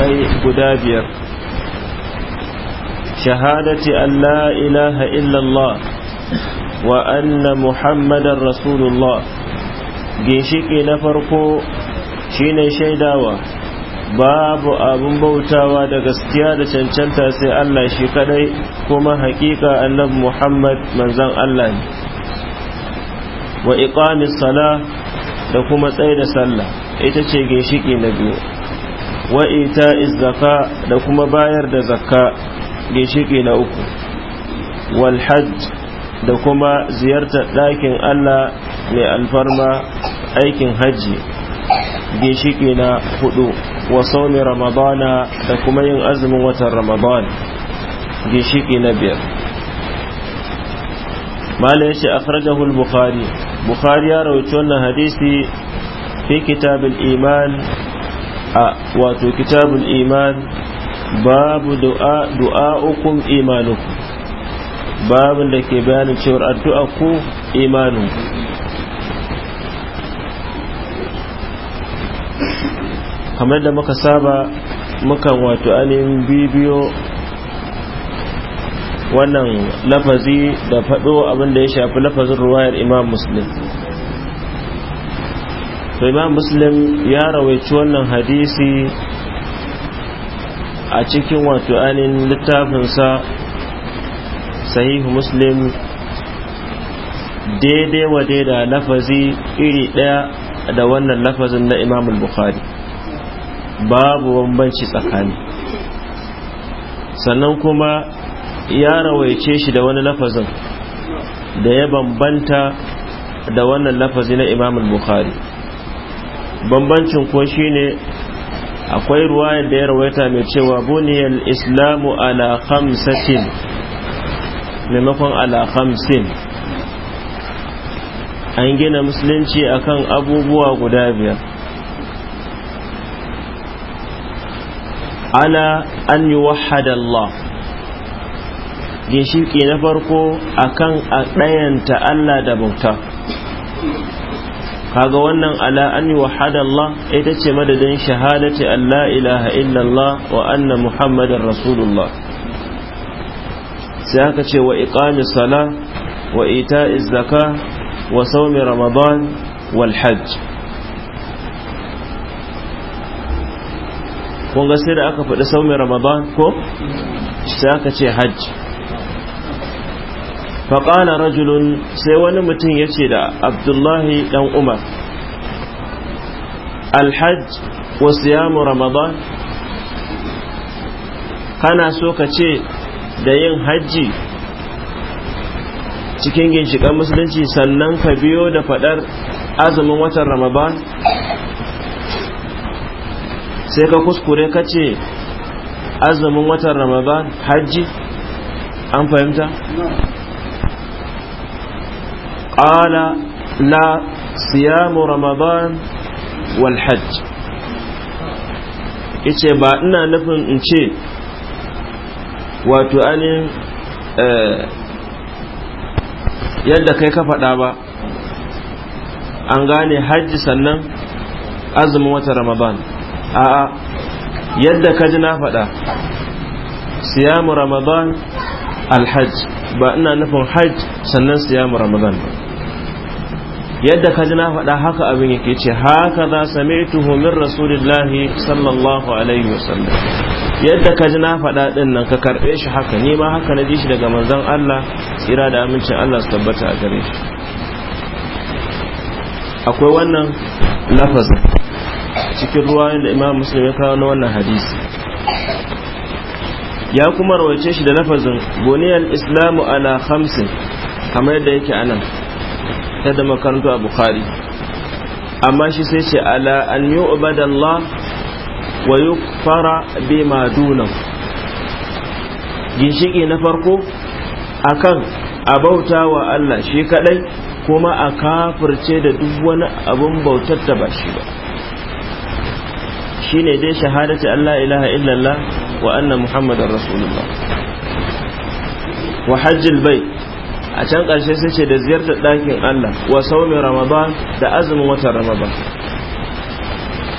kai guda biyar shahadati an la ilaha illallah wa anna muhammadan rasulullah ginshiki na farko shine shaidawa babu abin bautawa da gaskiya da cancanta sai Allah shi kadai kuma hakika annabi Muhammad manzon Allah ne wa iqamis sala da kuma tsaye da sallah ita ce ginshiki na biyu wa'ita ita da kuma bayar da zakka ginshiki na uku wal da kuma ziyartar ɗakin Allah mai alfarma aikin hajji ginshiki na hudu wa ramadana da kuma yin azumin watan ramadan ginshiki na biyar mala ya ce akhrajahu al-bukhari bukhari ya rawaito wannan hadisi fi kitab iman a wato kitabul iman babu du'a du'a'ukum imanu babu da ke bayanin cewar addu'a ku imanu. kamar da muka saba muka wato ainihin bibiyo wannan lafazi da faɗo abin da ya shafi lafazin ruwayar imam muslim to imam muslim ya rawaici wannan hadisi a cikin wato anin littafinsa sahihu muslim daidai wa daida lafazi iri daya da wannan lafazin na imam bukhari babu bambanci tsakani sannan kuma ya rawaice shi da wani lafazin da ya bambanta da wannan lafazi na imam bukhari bambancin ko ne akwai ruwayar da ya rawaita mai cewa buniyar islamu ala khamsatin maimakon ala khamsin an gina musulunci akan abubuwa guda biyar ala an yi wahada Allah ginshiki na farko akan a ɗayanta Allah da bauta kaga wannan ala an wahada Allah ita ce madadin shahadati an la ilaha illallah wa anna muhammadar rasulullah sai aka ce wa iqami sala wa ita'iz zaka wa saumi ramadan wal hajj kun ga sai da aka faɗi saumin ramadan ko sai aka ce hajji faƙala rajulun sai wani mutum ya ce da abdullahi ɗan umar alhaj wasu yamu ramadan kana so ka ce da yin hajji cikin ginshiƙan musulunci sannan ka biyo da faɗar azumin watan ramadan sai ka kuskure ka ce azumin watan ramadan hajji an fahimta? qala siya mu ramadan wal hajj yace ba ina nufin in ce wato eh, yadda kai ka faɗa ba an gane hajji sannan azumin wata ramadan a'a yadda ka ji na faɗa siyamu ramadan alhajj ba ina nufin hajj sannan siyamu ramadan ba yadda ka ji na faɗa haka abin yake ce haka za sami'tuhu min rasulillahi sallallahu alaihi wasallam yadda ka ji na faɗa ɗin nan ka karɓe shi haka ne ma haka na ji shi daga manzon Allah tsira da amincin Allah su tabbata a gare shi akwai wannan lafazin cikin ruwa da Imam Muslim ya kawo na wannan hadisi ya kuma rawace shi da lafazin goniyar islamu ala khamsin kamar yadda yake anan ta da makarantu a bukhari amma shi sai ce ala an yi ubadallah wa yi fara bi madunan ginshiki na farko akan abauta wa Allah shi kadai kuma a kafirce da duk wani abun bautar ta ba shi ba ne dai shahadati Allah ilaha illallah wa annan muhammadar rasulullah wa hajjil bai a can ƙarshe sai ce da ziyartar ɗakin Allah wa saumi ramadan da azumin watan ramadan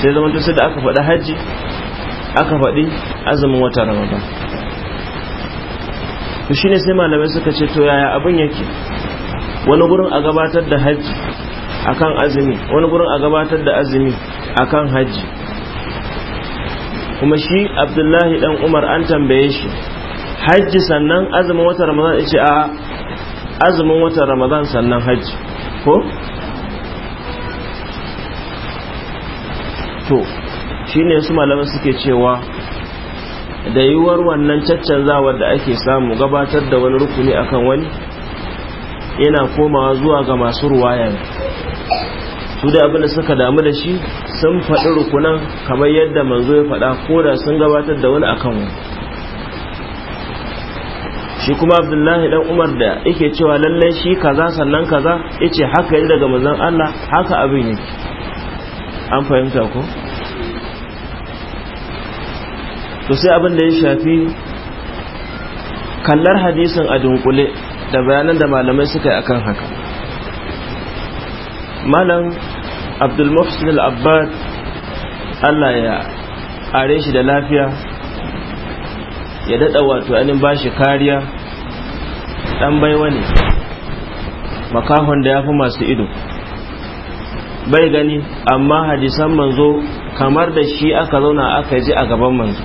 sai zama sai da aka faɗi hajji aka faɗi azumin watan ramadan to shine sai malamai suka ce to yaya abin yake wani gurin a gabatar da hajji akan azumi wani gurin a gabatar da azumi akan hajji kuma shi abdullahi dan umar an tambaye shi hajji sannan azumin watan ramadan ya ce a azumin watan ramadan sannan hajji ko to shine su malaman suke cewa da yiwuwar wannan caccanzawar da ake samu gabatar da wani rukuni akan wani yana komawa zuwa ga masu ruwaya ne su da abin da suka damu da shi sun faɗi rukunan kamar yadda manzo ya faɗa ko da sun gabatar da wani akan wani shi kuma abdullahi dan umar da yake cewa lallai shi kaza sannan kaza yace haka yi daga manzon Allah haka abin yake an fahimta ko to sai abin da ya shafi kallar hadisin a dunkule da bayanan da malamai suka yi akan haka malam abdul muhsin al-abbad Allah ya are shi da lafiya ya daɗa wato ainihin bashi kariya ɗan baiwa ne makahon da ya fi masu ido bai gani amma hadisan manzo kamar da shi aka zauna aka ji a gaban manzo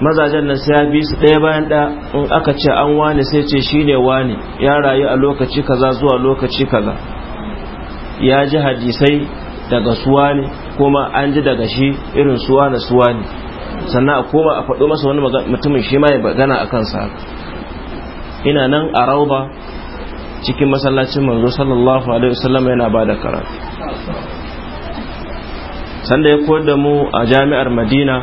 mazajen nan sai bi su ɗaya bayan da in aka ce an wani sai ce shi ne wane ya rayu a lokaci kaza zuwa lokaci kaza ya ji hadisai daga suwa ne kuma an ji daga shi irin suwa na suwa ne sannan a koma a faɗo masa wani mutumin shi ma ya gana a kansa ina nan a rauba cikin masallacin manzo sallallahu alaihi wasallam yana ba da karatu sanda ya koyar da mu a jami'ar madina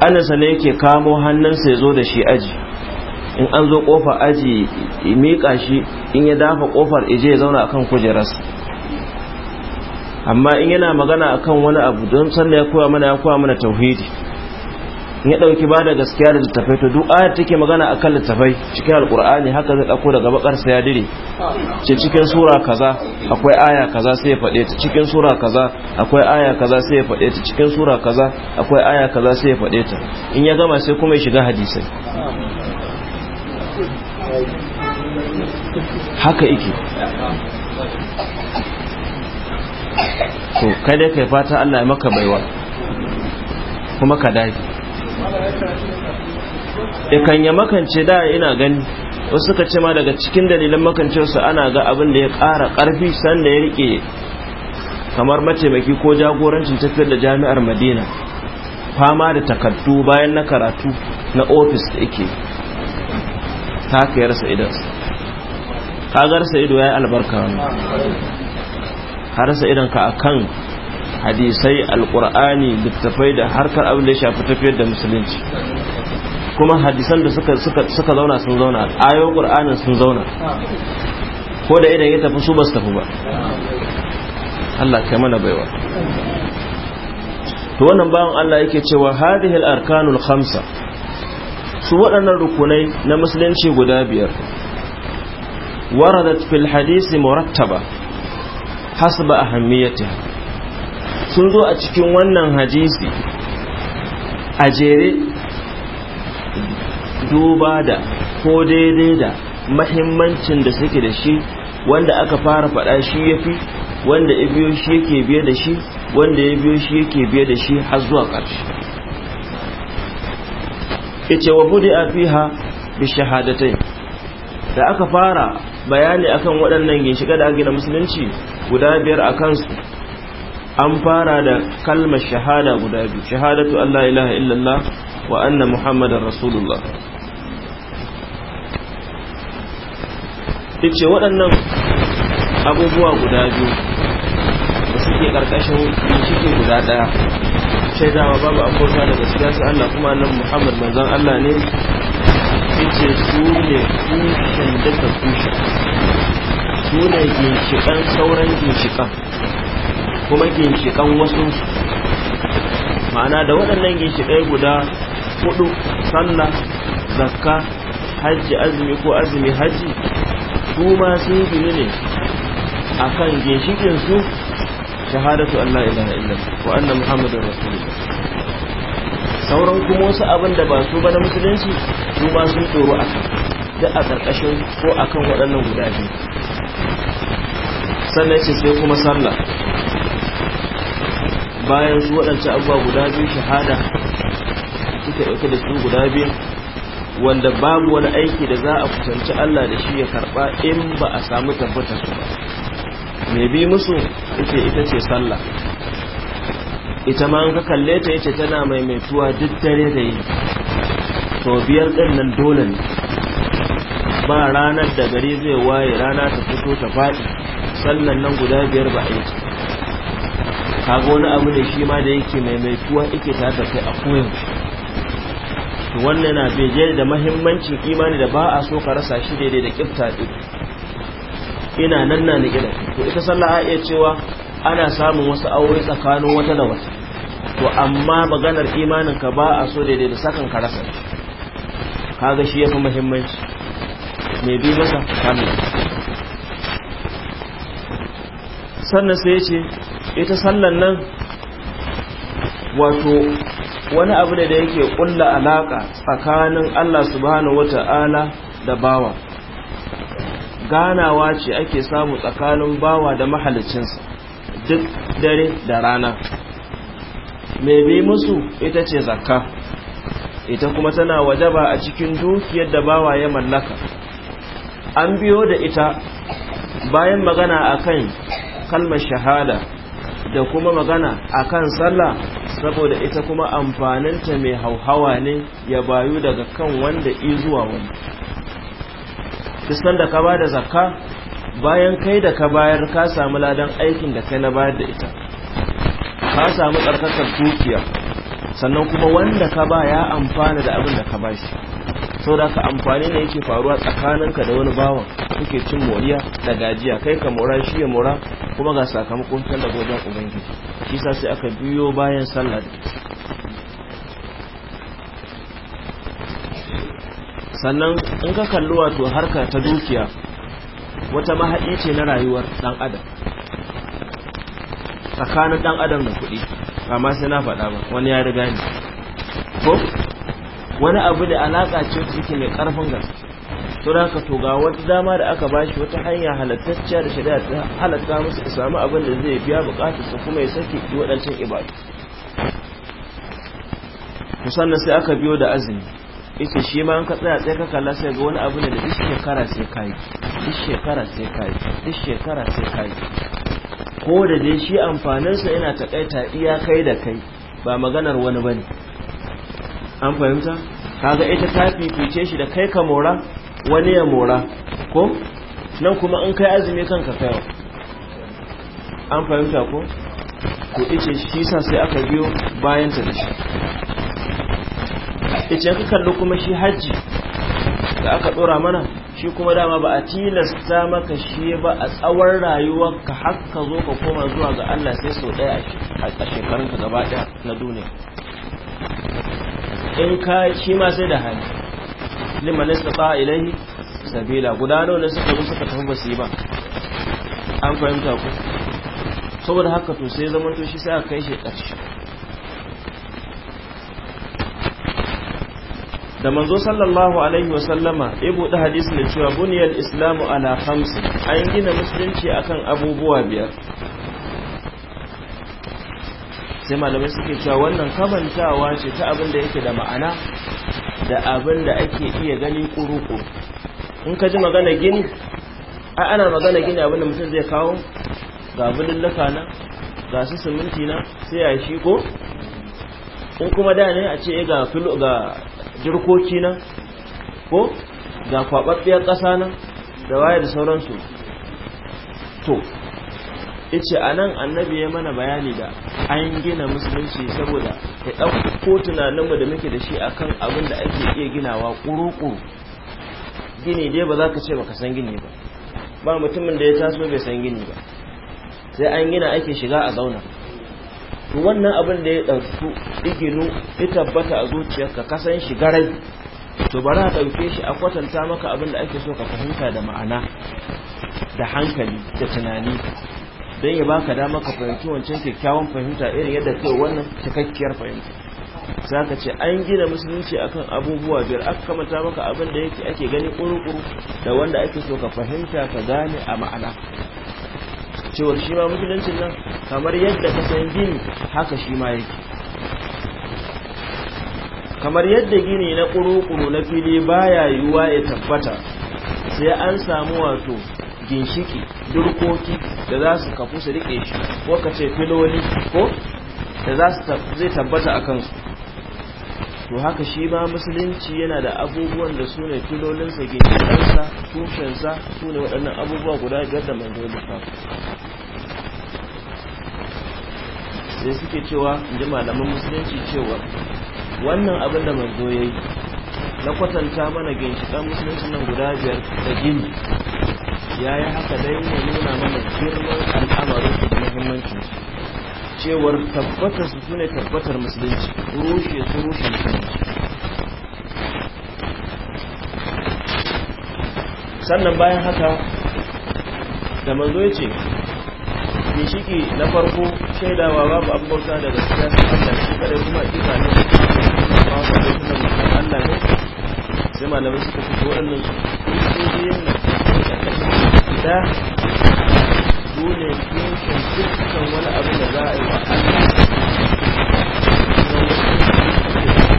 ƙaninsa ne yake kamo hannunsa ya zo da shi aji in an zo ƙofa aji miƙa shi in ya dafa ƙofar ije ya zauna akan kujerarsa amma in yana magana akan wani abu don sanda ya koya mana ya koya mana tauhidi in ya dauki ba da gaskiya da littafai to duk ayat take magana akan littafai cikin alkur'ani haka zai dauko daga bakar sa ya dire ce cikin sura kaza akwai aya kaza sai ya fade ta cikin sura kaza akwai aya kaza sai ya fade ta cikin sura kaza akwai aya kaza sai ya fade ta in ya gama sai kuma ya shiga hadisai haka yake to kai dai kai fata Allah ya maka baiwa kuma ka e kan ya makance da ina gani wasu ka ce ma daga cikin dalilan makancewarsa ana ga abin da ya ƙara ƙarfi sanda ya rike kamar mataimaki ko jagorancin tafiyar da jami'ar madina fama da takardu bayan na karatu na ofis da yake ta haka ya rasa idansa ido ya yi albarka wani idan idanka akan hadisai alkur'ani littafai da harkar abin da ya shafi tafiyar da musulunci kuma hadisan da suka suka zauna sun zauna ayoyin qur'ani sun zauna ko da idan ya tafi su ba su tafi ba Allah kai mana baiwa to wannan bawan Allah yake cewa hadhihi al-arkanul khamsa su waɗannan rukunai na musulunci guda biyar waradat fil hadisi murattaba hasba ahammiyatiha sun zo a cikin wannan hadisi a jere duba da ko daidai da mahimmancin da suke da shi wanda aka fara faɗa shi ya fi wanda ya biyo shi yake biye da shi wanda ya biyo shi yake biye da shi har zuwa ƙarshe yace wa budi a fiha bi shahadatai da aka fara bayani akan waɗannan ginshi da gina musulunci guda biyar a kansu an fara da kalmar shahada guda biyu shahadatu Allah ilaha illallah wa anna muhammadar rasulullah ce waɗannan abubuwa guda biyu da suke ƙarƙashin cikin guda ɗaya shaidawa babu abubuwa da gaskiya su Allah kuma annan muhammad manzon Allah ne ce su ne tushen daga tushen su ne ginshiƙan sauran ginshikan kuma ginshiƙan wasu ma'ana da waɗannan ginshikai guda hudu sallah zakka hajji azumi ko azumi hajji su ma sun gini ne a kan ginshiƙinsu shahadatu Allah ilaha illallah wa anna muhammadin rasulullah sauran kuma wasu abin da ba su ba na musulunci su ma sun tsoro a kan da a ƙarƙashin ko akan waɗannan guda biyu sannan ce sai kuma sallah bayan su waɗancan abubuwa guda biyu shahada suke ɗauke da su guda biyu wanda babu wani aiki da za a kusanci Allah da shi ya karɓa in ba a samu tabbatar ba me bi musu ita ita ce sallah ita ma ka kalle ta yace tana maimaituwa duk dare da yi to biyar ɗin nan dole ne ba ranar da gari zai waye rana ta fito ta faɗi sallan nan guda biyar ba a yi kaga wani abu da shi ma da yake tuwa yake ta da kai a koyaushe wannan na beje da mahimmanci imani da ba a so ka rasa shi daidai da kifta din ina nan na ni gida to ita sallah a iya cewa ana samun wasu aure tsakanin wata da wata to amma maganar imanin ka ba a so daidai da sakan ka rasa kaga shi yafi muhimmanci mai bi masa kamar sannan sai ce ita sallan nan wato wani abu da da yake kulla alaka tsakanin Allah subhanahu wata'ala da bawa ganawa ce ake samu tsakanin bawa da mahalicinsa duk dare da rana mai bi musu ita ce zakka ita kuma tana wajaba a cikin dukiyar da bawa ya mallaka an biyo da ita bayan magana akan kalmar shahada da kuma magana a kan sallah saboda ita kuma amfaninta mai hauhawa ne ya bayu daga kan wanda izuwa wani fiskan da ka ba da zakka bayan kai da ka bayar ka samu ladan aikin da kai na bayar da ita ka samu tsarkakar dukiya sannan kuma wanda ka ba ya amfana da abin da ka ba shi sau da ka amfani ne yake faruwa tsakaninka da wani bawan kuke cin moriya da gajiya kai ka mora shi ya mora kuma ga sakamakon can da gojan ubangiji shi sa sai aka biyo bayan sallah sannan in ka kalli wato harka ta dukiya wata mahaɗi ce na rayuwar ɗan adam tsakanin ɗan adam da kuɗi amma sai na faɗa ba wani ya riga ne ko wani abu da alaka ce mai karfin gaske to da ka to ga wata dama da aka bashi wata hanya halattacciya da shari'a ta halatta musu su samu abin da zai biya bukatu su kuma ya saki waɗancan ibadu musamman sai aka biyo da azumi ita shi ma an ka tsaya tsaye ka kalla sai ga wani abu ne da duk shekara sai kai duk shekara sai kai duk shekara sai kai ko da dai shi amfaninsa yana takaita iya kai da kai ba maganar wani bane an fahimta kaga ita ta fifice shi da kai ka mora wani ya mora ko nan kuma an kai azumi kan ka kaiwa an fahimta ko ko ice shi sa sai aka biyo bayan ta shi ita ka kallo kuma shi hajji da aka dora mana shi kuma dama ba a tilasta maka shi ba a tsawon rayuwarka har ka zo ka koma zuwa ga Allah sai sau ɗaya a shekarunka gaba ɗaya na duniya in ka shi ma sai da hali liman istata ilai sabila gudano ne suka zo suka tafi basu ba an fahimta ku saboda haka to sai zaman to shi sai a kai shi ƙarshe da manzo sallallahu alaihi wa sallama ya buɗe hadisi da cewa buniyal islamu ala khamsin an gina musulunci akan abubuwa biyar sai malamai suke cewa wannan kamantawa ce ta abin da yake da ma'ana da abin da ake iya gani kuruku in ka ji magana gini a ana magana gini abin da mutum zai kawo ga bululluka na ga su siminti na sai ya shi ko in kuma da ne a ce eh ga filo ga jirkoki na ko ga kwababbiyar ƙasa na da waye da sauransu to yace anan annabi ya mana bayani da an gina musulunci saboda ta dauko tunaninmu da muke da shi akan abin da ake iya ginawa kurukuru gini dai ba za ka ce baka san gini ba ba mutumin da ya taso bai san gini ba sai an gina ake shiga a zauna to wannan abin da ya dauki iginu ya tabbata a zuciyarka ka san shi garai to bari a ɗauke shi a kwatanta maka abin da ake so ka fahimta da ma'ana da hankali da tunani don ya baka dama ka fahimci wancan kyakkyawan fahimta irin yadda kai wannan cikakkiyar fahimta za ka ce an gina musulunci akan abubuwa biyar aka kamata maka abin da yake ake gani kurukuru da wanda ake so ka fahimta ka gane a ma'ana cewar shi ma musuluncin nan kamar yadda ka san gini haka shi ma yake kamar yadda gini na kurukuru na fili baya yiwuwa ya tabbata sai an samu wato ginshiki durkoki da za su kafu su rike shi ko ka ce filoli ko da za su zai tabbata a kansu to haka shi ma musulunci yana da abubuwan da su ne filolinsa ginshikansa tushensa su ne waɗannan abubuwa guda biyar da manzo lissafi sai suke cewa in ji malaman musulunci cewa wannan abin da manzo ya yi na kwatanta mana ginshikan musulunci nan guda biyar da gini ya yi haka dai ya nuna mana girman al'amarin su da muhimmancin su cewar tabbatar su sune tabbatar musulunci rushe su rushe musulunci sannan bayan haka da manzo ya ce ginshiki na farko shaidawa babu abubuwa da gaskiya su Allah shi kadai kuma hakika ne ba su da sunan Allah ne sai malamai suka fito waɗannan su sun yi yadda dole yankin dukkan wani abu da za a yi wa Allah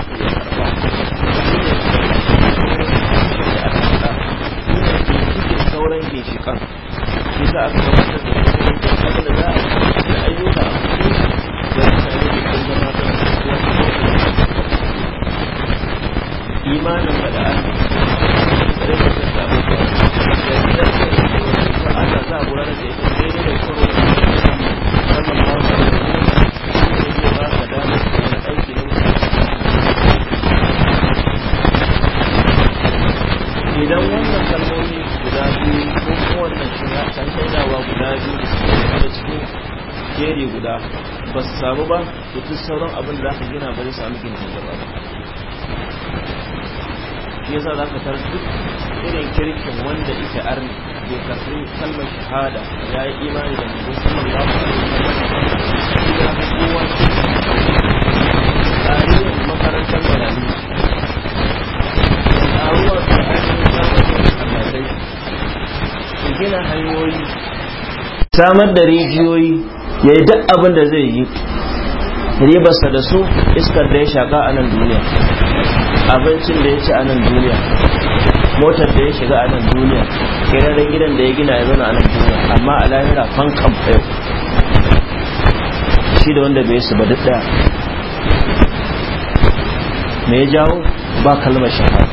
duk sauran abin da za ka gina ba zai samu gina gaba ba shi yasa za ka tarar duk irin kirkin wanda ita arni bai karɓi kalmar shahada ya yi imani da mutum sallallahu alaihi wasallam shi ya fi kowa tarihin makarantar ta taruwar tsakanin mallakai su gina hanyoyi samar da rijiyoyi ya yi duk abin da zai yi ribarsa da su iskar da ya shaka a nan duniya abincin da ya ci a nan duniya motar da ya shiga a nan duniya kirarren gidan da ya gina ya zana a nan duniya amma a lahira fankan fayo shi da wanda bai su ba duk daya me ya jawo ba kalmar shahada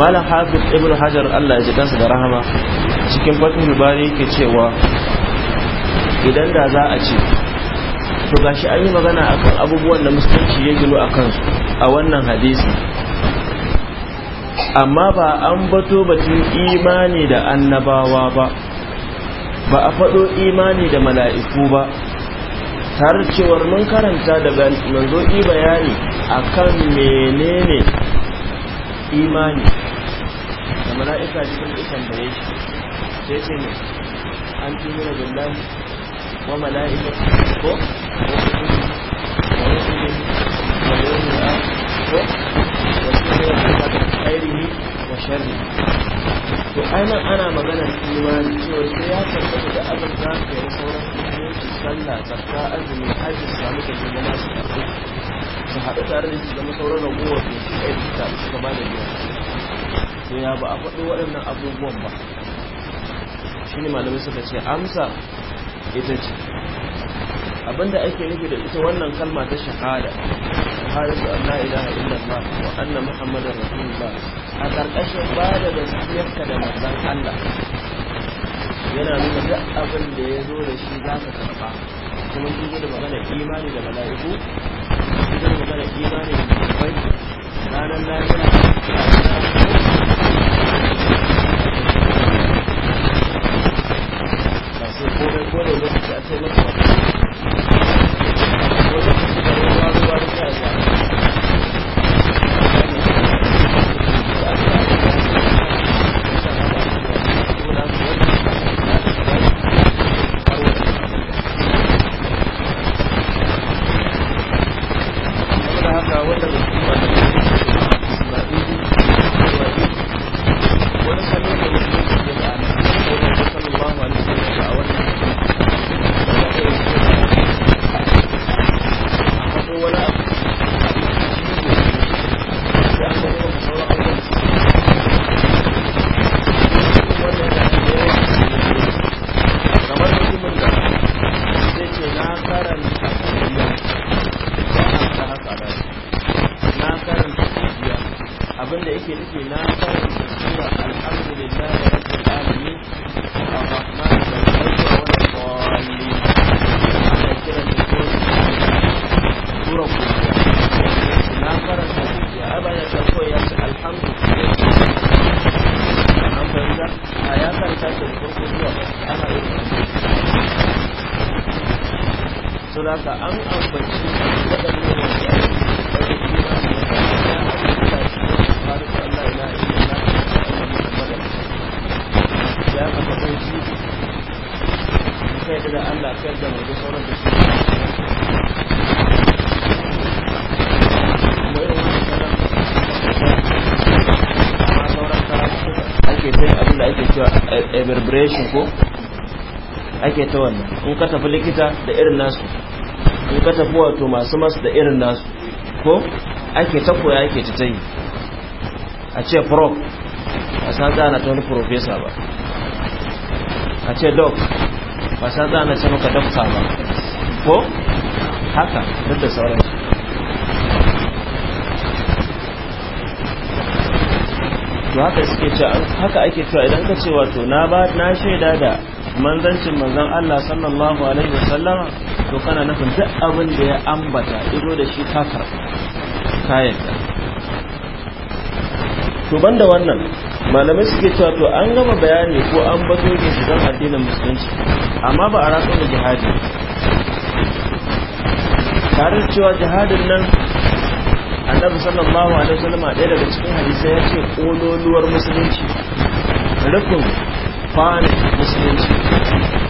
malam hafiz ibn hajar allah ya ji kansa da rahama cikin fatul bari ke cewa idan da za a ce to gashi an yi magana akan abubuwan da musulunci ya gino a kansu a wannan hadisi amma ba an bato batun imani da annabawa ba ba a faɗo imani da mala'iku ba har cewar mun karanta daga manzo bayani bayani akan menene imani da mala'ika cikin ikan da ya sai ce ne an da billahi وملائكته ورسله واليوم الآخر والسنة خيره وشره to ainihin ana maganar imani cewa sai ya tabbata da abin za ka yi sauran hukunci sallah zakka azumi hajji su samu gajin zama su tafi su haɗu tare da su zama sauran ragowar da su kai su tafi da to ya ba a faɗi waɗannan abubuwan ba shi ne malamai amsa ita ce abinda ake nufi da ita wannan kalma ta shahada su an a inda ba wa anna muhammadar rasulullah a karkashin ba da ka da manzon Allah yana nuna duk abin da ya zo da shi za ka karba kuma shi zai da magana imani da mala'iku shi zai da magana imani da mutum ranar lafiya an ambaci waɗannan da Allah kai da mai da su ake ta abin ake cewa everbration ko ake ta wannan in ka tafi likita da irin nasu in ka tafi wato masu masu da irin nasu ko ake ta koya ake ta tayi a ce prof a san za ta wani profesa ba a ce doc ba san na ce maka dokta ba ko haka duk da sauran to haka suke ce haka ake cewa idan ka ce wato na ba na shaida da manzancin manzan Allah sallallahu alaihi wasallama to kana nufin duk abin da ya ambata ido da shi ta karɓa ka ta. to banda wannan malamai suke cewa to an gama bayani ko an bazo ne don addinin musulunci amma ba a ratsa da jihadi tare da cewa jihadin nan annabi sallallahu alaihi wasallam ɗaya daga cikin hadisai ya ce kololuwar musulunci rukun kwanan musulunci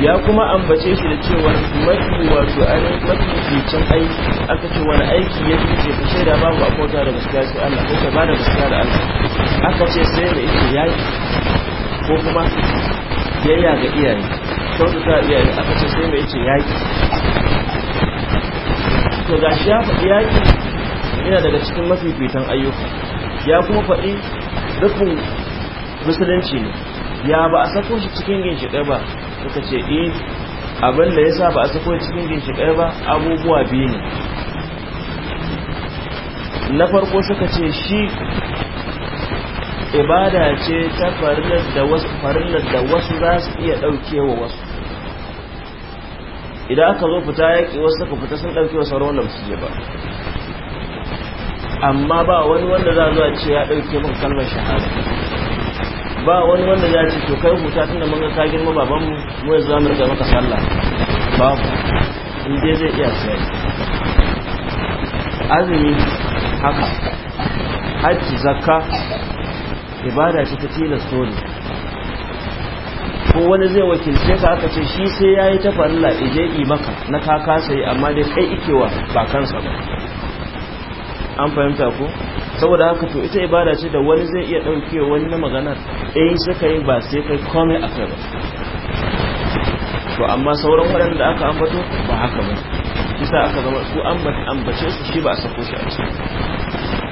ya kuma ambace shi da cewa mafi wato ainihin mafi cikin aiki aka ce wani aiki ya fi ce ka shaida babu a kota da gaskiya sai Allah ko ka da gaskiya da Allah aka ce sai da ita yi ko kuma biyayya ga iyaye kyautata iyaye aka ce sai da ita yi to ga shi ya faɗi yi yana daga cikin mafi fitan ayyuka ya kuma faɗi rufin musulunci ne ya ba a sako shi cikin ginshi ɗaya ba suka ce eh abin da ya sa ba a sako cikin ginshiƙai ba abubuwa biyu ne na farko suka ce shi ibada ce ta farillar da wasu za su iya wa wasu idan aka zo fita yaƙi wasu suka fita sun wa sauran wanda su je ba amma ba wani wanda za zuwa ce ya ɗauke mun kalmar shahada ba wani wanda ya ce to kai huta tunda mun ga ka girma baban mu mu yanzu zamu rika maka sallah babu in dai zai iya sai azumi haka hajji zakka ibada ce ta tilas tori ko wani zai wakilce ka aka ce shi sai yayi ta farilla ije yi maka na kaka sai amma dai kai ikewa ba kansa ba an fahimta ko saboda haka to ita ibada ce da wani zai iya ɗauke wani na maganar ɗayin suka yi ba sai kai kome a kai ba to amma sauran waɗanda aka ambato ba haka ba kisa aka zama su ambace su shi ba a sako shi a ciki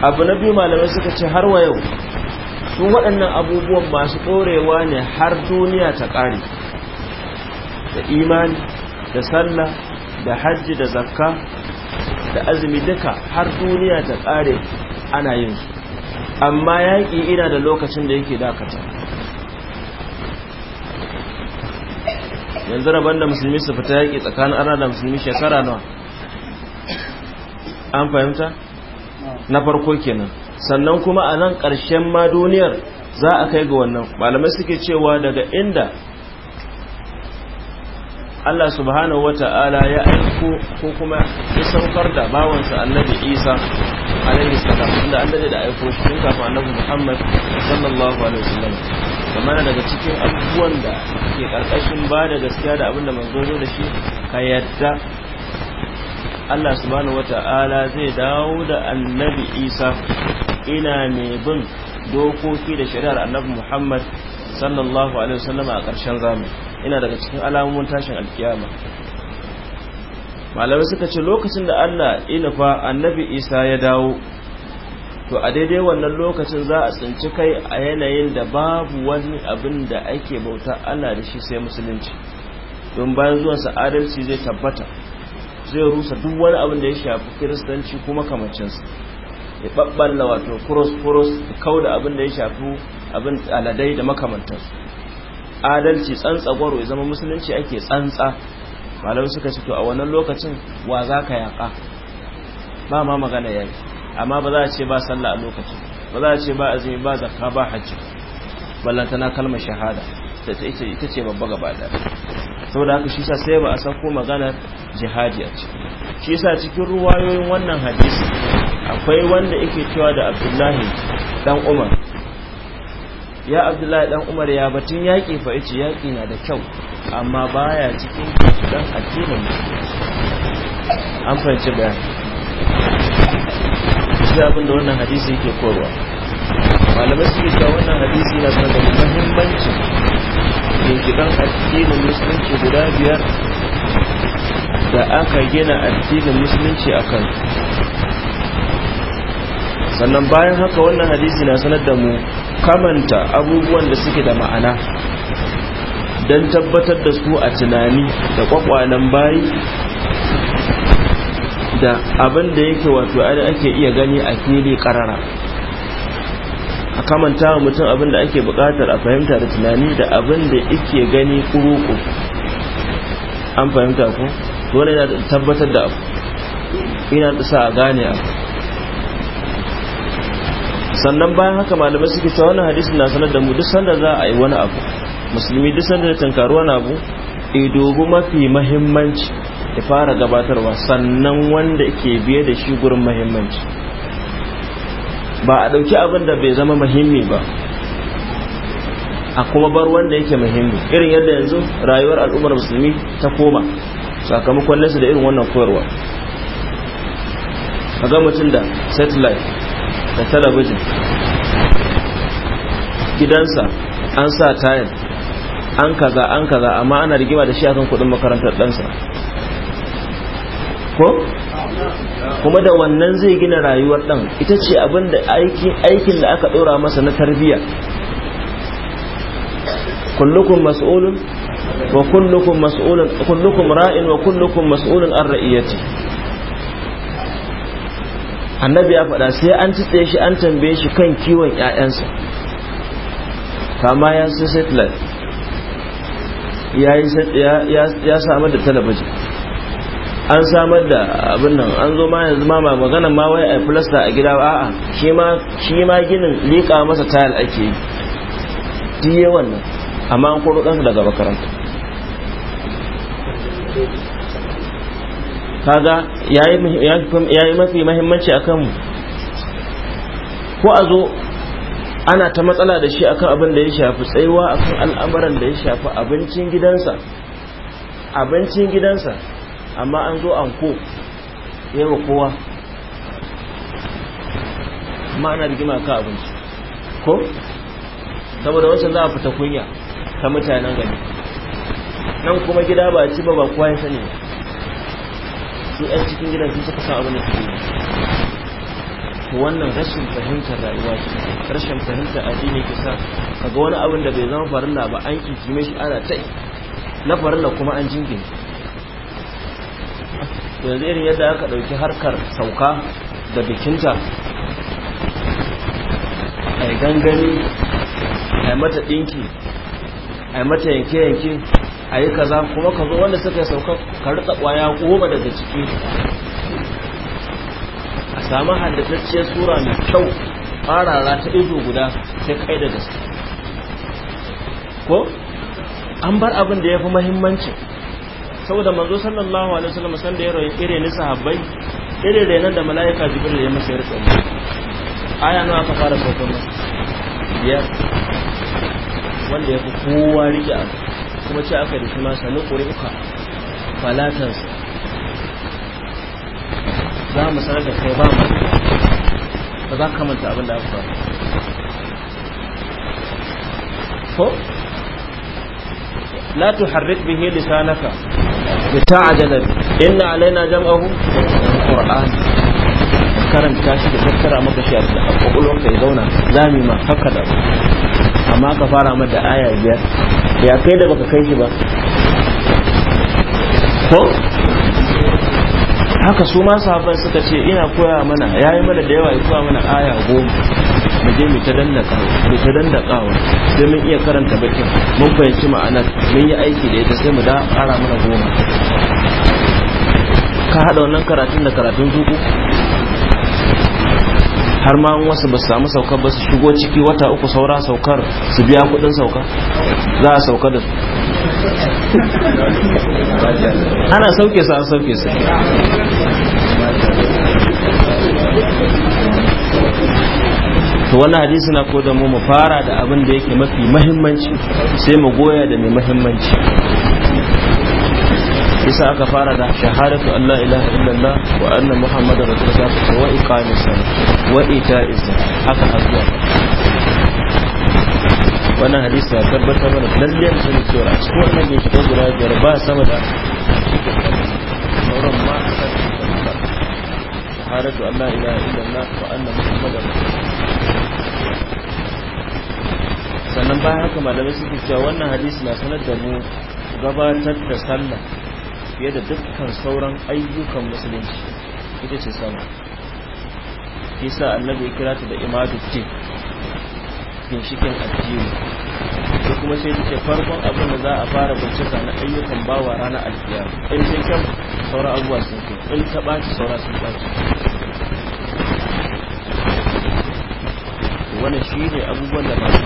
abu na biyu malamai suka ce har wa yau su waɗannan abubuwan masu ɗorewa ne har duniya ta ƙare da imani da sallah da hajji da zakka da azumi duka har duniya ta ƙare ana yin su amma yaƙi ina da lokacin da yake dakata yanzu rabon da musulmi su fita yaƙi tsakanin ana da musulmi shekara nawa an fahimta na farko kenan sannan kuma a nan ƙarshen ma duniyar za a kai ga wannan malamai suke cewa daga inda Allah subhanahu wata'ala ya aiko ko kuma ya saukar da bawansa annabi Isa alaihi salam wanda an dade da aiko shi tun kafin annabi Muhammad sallallahu alaihi wasallam kamar daga cikin abubuwan da ke karkashin ba da gaskiya da abinda manzo zo da shi ka yadda Allah subhanahu wata'ala zai dawo da annabi Isa ina mai bin dokoki da shari'ar annabi Muhammad sallallahu alaihi wasallam a ƙarshen zamani ina daga cikin alamomin tashin alkiyama malamai suka ce lokacin da Allah inufa annabi isa ya dawo to a daidai wannan lokacin za a tsinci kai a yanayin da babu wani abin da ake bauta Allah da shi sai musulunci don bayan zuwansa adalci zai tabbata zai rusa duk wani abin da ya shafi kiristanci kuma kamacinsa ya ɓaɓɓalla wato cross da kau da abin da ya shafi abin aladai da makamantarsu adalci tsantsa gwaro ya zama musulunci ake tsantsa malamai suka ce to a wannan lokacin wa za ka yaƙa ba ma magana yaki amma ba za a ce ba sallah a lokacin ba za a ce ba azumi ba zakka ba hajji ballantana kalmar shahada ita ce babba gaba da saboda haka shi sa sai ba a sauko maganar jihadi a ciki shi sa cikin ruwayoyin wannan hadisi akwai wanda yake cewa da abdullahi dan umar ya abdullahi dan umar ya batun yaƙi fa ce yaƙi na da kyau amma baya cikin dan addinin an fahimci bayani shi abin da wannan hadisi yake korwa malamai su cewa wannan hadisi na sanar da muhimmanci ginshiƙan addinin musulunci guda biyar da aka gina addinin musulunci a kan sannan bayan haka wannan hadisi na sanar da mu kamanta abubuwan da suke da ma'ana don tabbatar da su a tunani da kwakwalen bayi da abin da yake wato ana ake iya gani a fili karara a kamanta wa mutum abin da ake bukatar a fahimta da tunani da abin da ike gani kuruku an fahimta ku wani yana tabbatar da abu ina da sa a gane abu sannan bayan haka malamai suke cewa wannan hadisi na sanar da mu duk sanda za a yi wani abu musulmi duk sanda da tankaru wani abu e dogo mafi mahimmanci ya fara gabatarwa sannan wanda ke biye da shi gurin mahimmanci ba a ɗauki abin da bai zama muhimmi ba a kuma bar wanda yake muhimmi irin yadda yanzu rayuwar al'ummar musulmi ta koma sakamakon nasu da irin wannan koyarwa a ga mutum da satellite da talabijin gidansa an sa tayil an kaza an kaza amma ana rigima da shi a kan kudin makarantar ɗansa ko kuma da wannan zai gina rayuwar ɗan ita ce abinda aikin da aka ɗora masa na tarbiyya kullukum mas'ulun wa kullukum ra'in wa kullukun mas'ulun an ra'iyyaci annabi ya faɗa sai an ci shi an tambaye shi kan kiwon 'ya'yansa kama ya sai satellite ya samar da talabijin an samar da abin nan an zo ma yanzu ma maganan ma wai a filasta a gida a'a shi ma ginin liƙa masa tayal ake yi diye wannan amma an koro kansa daga makaranta kaga yayi mafi mahimmanci akan kanmu ko a zo ana ta matsala da shi akan abin da ya shafi tsayuwa akan al'amuran da ya shafi abincin gidansa abincin gidansa amma an zo an ko yawa kowa amma ana rigima ka abinci ko saboda wancan za a fita kunya ta mutanen gani nan kuma gida ba ci ba ba kowa ya sani ba su ɗan cikin gidan sun suka sa abin da suke to wannan rashin fahimtar rayuwa ce rashin fahimtar addini ke sa kaga wani abin da bai zama farilla ba an kikime shi ana ta na farilla kuma an jingin yanzu irin yadda aka ɗauki harkar sauka da bikinta a gangani a mata ɗinki a mata yanke-yanke a yi kaza kuma ka zo wanda suka sauka ka rika kwaya goma daga ciki a sami haddatacciyar sura mai kyau farara ta ido guda sai kai da gaske ko an bar abin da ya fi mahimmanci saboda manzo sallallahu alaihi wasallam san da ya roye irin nisa habai irin da da malaika jibril ya masa yarsa aya nawa aka fara sauko masu biyar wanda ya fi kowa rike abu kuma ce aka da shi ma sanu ƙuri'uka falatas za mu sanar da kai ba mu ba za ka manta abin da aka faru ko la tuharrik bihi lisanaka lita'jala inna alaina jam'ahu qur'an karanta shi da tattara maka shi a cikin kwakwalwarka ya zauna zami ma haka da amma ka fara mata da aya biyar ya kai da baka kai shi ba ko haka su ma sahabban suka ce ina koya mana ya yi mana da yawa ya koya mana aya goma mu je mu ta dandaka mu ta sai mun iya karanta bakin mun fahimci ma'ana mun yi aiki da ita sai mu da fara mana goma ka hada wannan karatun da karatun zuku har ma wasu ba su samu saukar ba su shigo ciki wata uku saura saukar su biya kudin sauka za a sauka da su ana sauke su an sauke su to wannan hadisi na ko da mu mu fara da abin da yake mafi mahimmanci sai mu goya da mai mahimmanci isa aka fara da shahadatu an la ilaha illallah wa anna muhammadar rasulullah wa iqamis salat wa isa haka har wannan hadisi ya tabbatar mana lalle mutum cewa a cikin wannan ne shiga guda biyar ba sama da sauran ma shahadatu an la ilaha illallah wa anna muhammadar sannan bayan haka malamai suke cewa wannan hadisi na sanar da mu gabatar da sallah fiye da dukkan sauran ayyukan musulunci ita ce sama isa annabi ya kira ta da imaduddin ginshikin addini da kuma sai ta ce farkon abin da za a fara bincika na ayyukan bawa ranar alkiyar in sai kyau sauran abubuwa sun ke in ta ɓaci saura sun ɓaci wani shi ne abubuwan da masu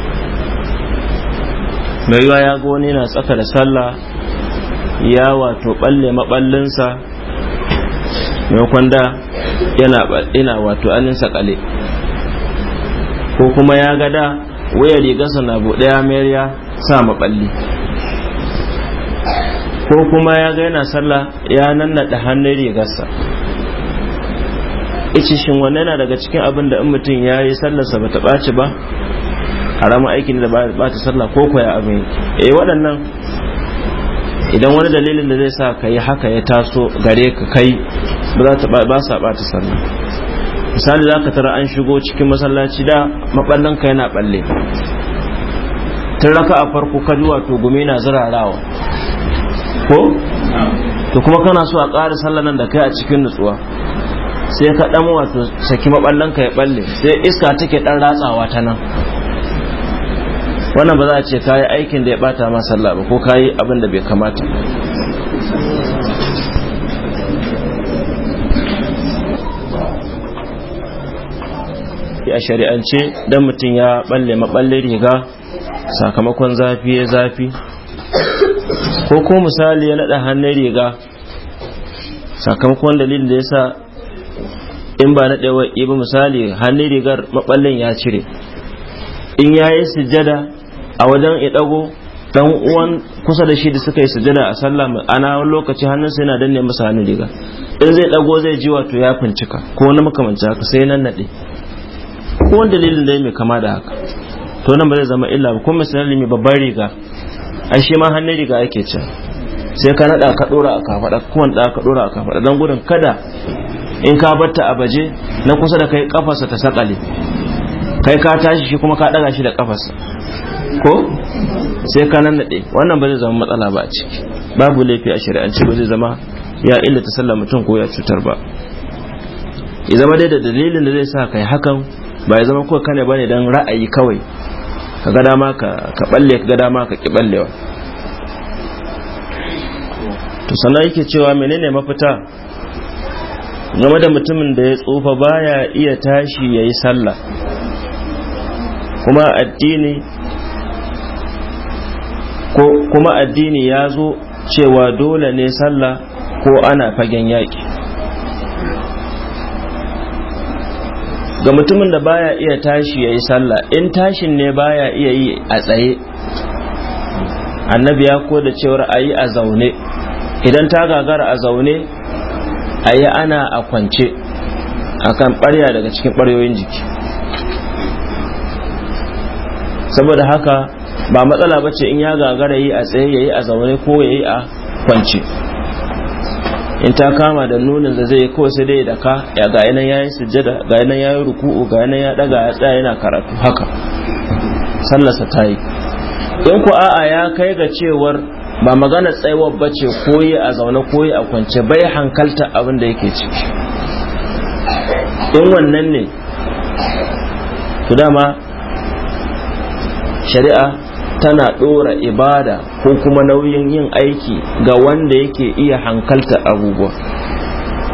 mai yiwa ya ga wani na tsaka da sallah ya wato balle maballinsa mai kwanda yana wato alinsa kale ko kuma ya ga waya rigarsa na buɗe ya sa maballi ko kuma ya ga yana sallah ya nannaɗa hannun rigarsa ice shin wannan yana daga cikin abin da in mutum ya yi sallarsa ba ta ɓaci ba haramun aiki ne da ba ta sallah ko koya abin e waɗannan idan wani dalilin da zai sa ka yi haka ya taso gare ka kai ba sa ɓata sallah misali za ka tara an shigo cikin masallaci da maɓallan ka yana ɓalle tun raka a farko ka ji wato gumi na zirarawa ko to kuma kana so a ƙara sallah nan da kai a cikin nutsuwa sai ka ɗan wato saki maballanka ya ɓalle sai iska take ɗan ratsawa ta nan wannan ba za a ce kayi aikin da ya bata ma sallah ba ko kayi abin da bai kamata a shari'ance don mutum ya balle maballe riga sakamakon zafi ya zafi ko ko misali ya naɗa hannun riga sakamakon dalilin da ya sa in ba naɗewa ba misali hannun rigar maballin ya cire in ya yi sujjada a wajen ya dago dan uwan kusa da shi da suka yi sujada a sallah ana wani lokaci hannun sai yana danne masa hannun riga in zai dago zai ji wato ya fincika ko wani makamanci haka sai nan nade ko wani dalilin da mai kama da haka to nan ba zai zama illa ko misali mai babbar riga a shi ma hannun riga ake can sai ka nada ka dora a kafada kuma da ka dora a kafada dan gudun kada in ka batta a baje na kusa da kai kafarsa ta sakale kai ka tashi shi kuma ka daga shi da kafarsa ko sai ka nan nade wannan ba zai zama matsala ba a ciki babu laifi a shari'ance ba zai zama ya ta sallar mutum ko ya cutar ba ya zama dai da dalilin da zai sa kai hakan ba ya zama kawai kane bane dan ra'ayi kawai ka ga dama ka ka balle ka ga dama ka ki ballewa to sannan yake cewa menene mafita game da mutumin da ya tsufa baya iya tashi yayi sallah kuma addini ko kuma addini ya zo cewa dole ne sallah ko ana fagen yaƙi ga mutumin da baya iya tashi ya yi sallah in tashin ne baya iya yi a tsaye annabi ya koda cewar a yi a zaune idan ta gagara a zaune a yi ana a kwance akan ɓarya daga cikin ɓaryoyin jiki saboda haka ba matsala ba ce in ya gagara yi a tsaye yayi a zaune ko yayi a kwance in ta kama da nunin da zai kawai sai dai da ka ya ga yanan yayi sujjada ga yanan yayi ruku'u ga yanan ya daga ya tsaya yana karatu haka sallarsa ta yi in ku a'a ya kai ga cewar ba magana tsayuwar ba ce koyi a zaune koyi a kwance bai hankalta abin da yake ciki in wannan ne to dama shari'a tana ɗora ibada ko kuma nauyin yin aiki ga wanda yake iya hankalta abubuwa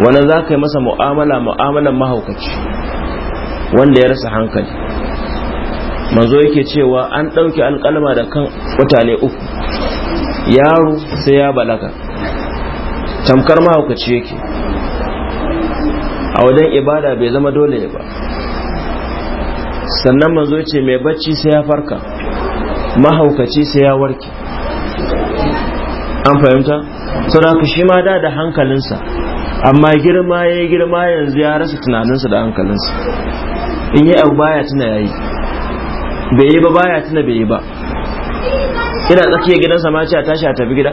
wani za ka yi masa mu'amala mu'amalan mahaukaci wanda ya rasa hankali manzo yake cewa an ɗauke alƙalma da kan mutane uku yaro sai ya balaga tamkar mahaukaci yake a wajen ibada bai zama dole ba sannan manzo ce mai bacci sai ya farka mahaukaci sai ya warke an fahimta saboda shi ma da da hankalinsa amma girma ya girma yanzu ya rasa tunaninsa da hankalinsa in yi abu baya tuna ya yi bai yi ba baya tuna bai yi ba ina tsakiyar gidansa ma ce a tashi a tafi gida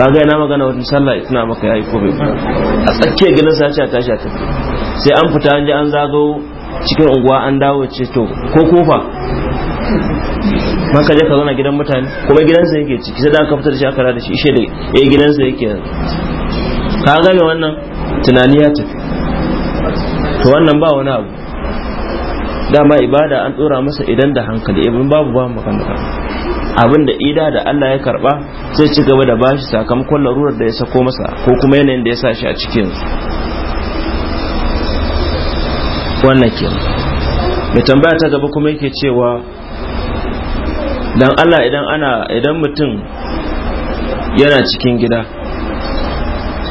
ka gaya yana magana wata sallah tana maka yayi ko bai a tsakiyar gidansa ce a tashi a tafi sai an fita an ji an zagawo cikin unguwa an dawo ce to ko kofa maka je ka zauna gidan mutane kuma gidansa yake ciki sai da aka fitar da shi aka da shi ishe da eh gidansa yake ka ga wannan tunani ya tafi to wannan ba wani abu dama ibada an dora masa idan da hankali ibn babu ba makamaka abin da ida da Allah ya karba zai ci gaba da bashi sakamakon larurar da ya sako masa ko kuma yanayin da ya sa shi a cikin wannan ke mai tambaya ta gaba kuma yake cewa dan Allah idan ana idan mutum yana cikin gida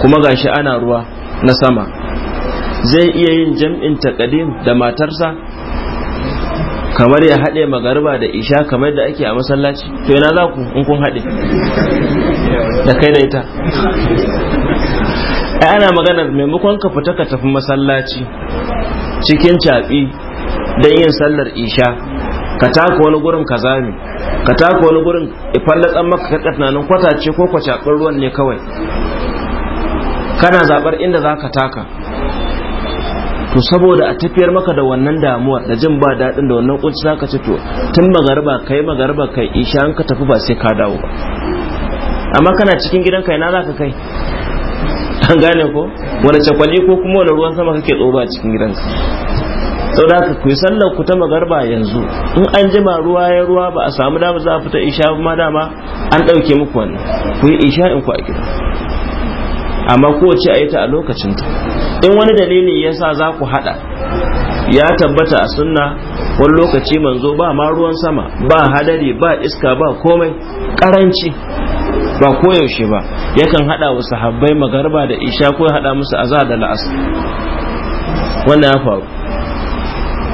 kuma gashi ana ruwa na sama zai iya yin jam'in takadim da matarsa kamar ya haɗe magariba da isha kamar da ake a masallaci to yana za ku in kun haɗe da kai da ita ai ana magana maimakon ka fita ka tafi masallaci cikin caɓi don yin sallar isha ka taka wani gurin ka zame ka taka wani gurin ifallatsan maka ka tunanin kwatace ko kwacaɓar ruwan ne kawai kana zaɓar inda za ka taka to saboda a tafiyar maka da wannan damuwar da jin ba daɗin da wannan kunci zaka ce to tun magarba kai magarba kai isha an ka tafi ba sai ka dawo ba amma kana cikin gidanka ina zaka kai an gane ko wani cakwali ko kuma wani ruwan sama kake tsoba cikin gidanka sau da haka kuyi sallar ku ta magarba yanzu in an jima ruwa ya ruwa ba a samu dama za a fita isha ma dama an ɗauke muku wannan ku yi isha in ku a gida amma kowace a yi ta a lokacinta in wani dalili ya sa za ku haɗa ya tabbata a sunna wani lokaci manzo ba ma ruwan sama ba hadari ba iska ba komai ƙaranci ba koyaushe ba yakan hada wa sahabbai magarba da isha ko ya hada musu azhar da la'as. wannan ya faru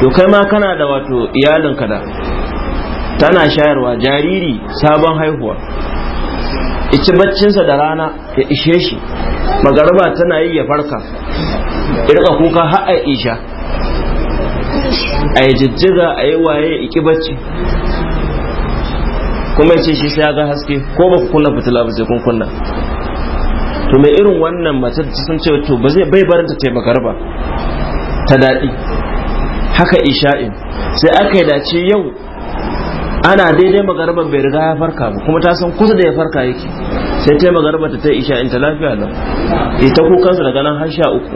to kai ma kana da wato iyalin ka da tana shayarwa jariri sabon haihuwa ici baccinsa da rana ya ishe shi magarba tana yi ya farka irka kuka haa isha a yi jijjiga a yi waye iki bacci kuma ya ce shi sai ya ga haske ko ba ku kunna fitila ba sai kun kunna to mai irin wannan mace ta sun ce to ba zai bai barinta taimakar ba ta daɗi haka isha'in sai aka yi dace yau ana daidai magarban bai riga ya farka ba kuma ta san kusa da ya farka yake sai ta magarba ta ta in ta lafiya lau ita kukansa daga nan har sha uku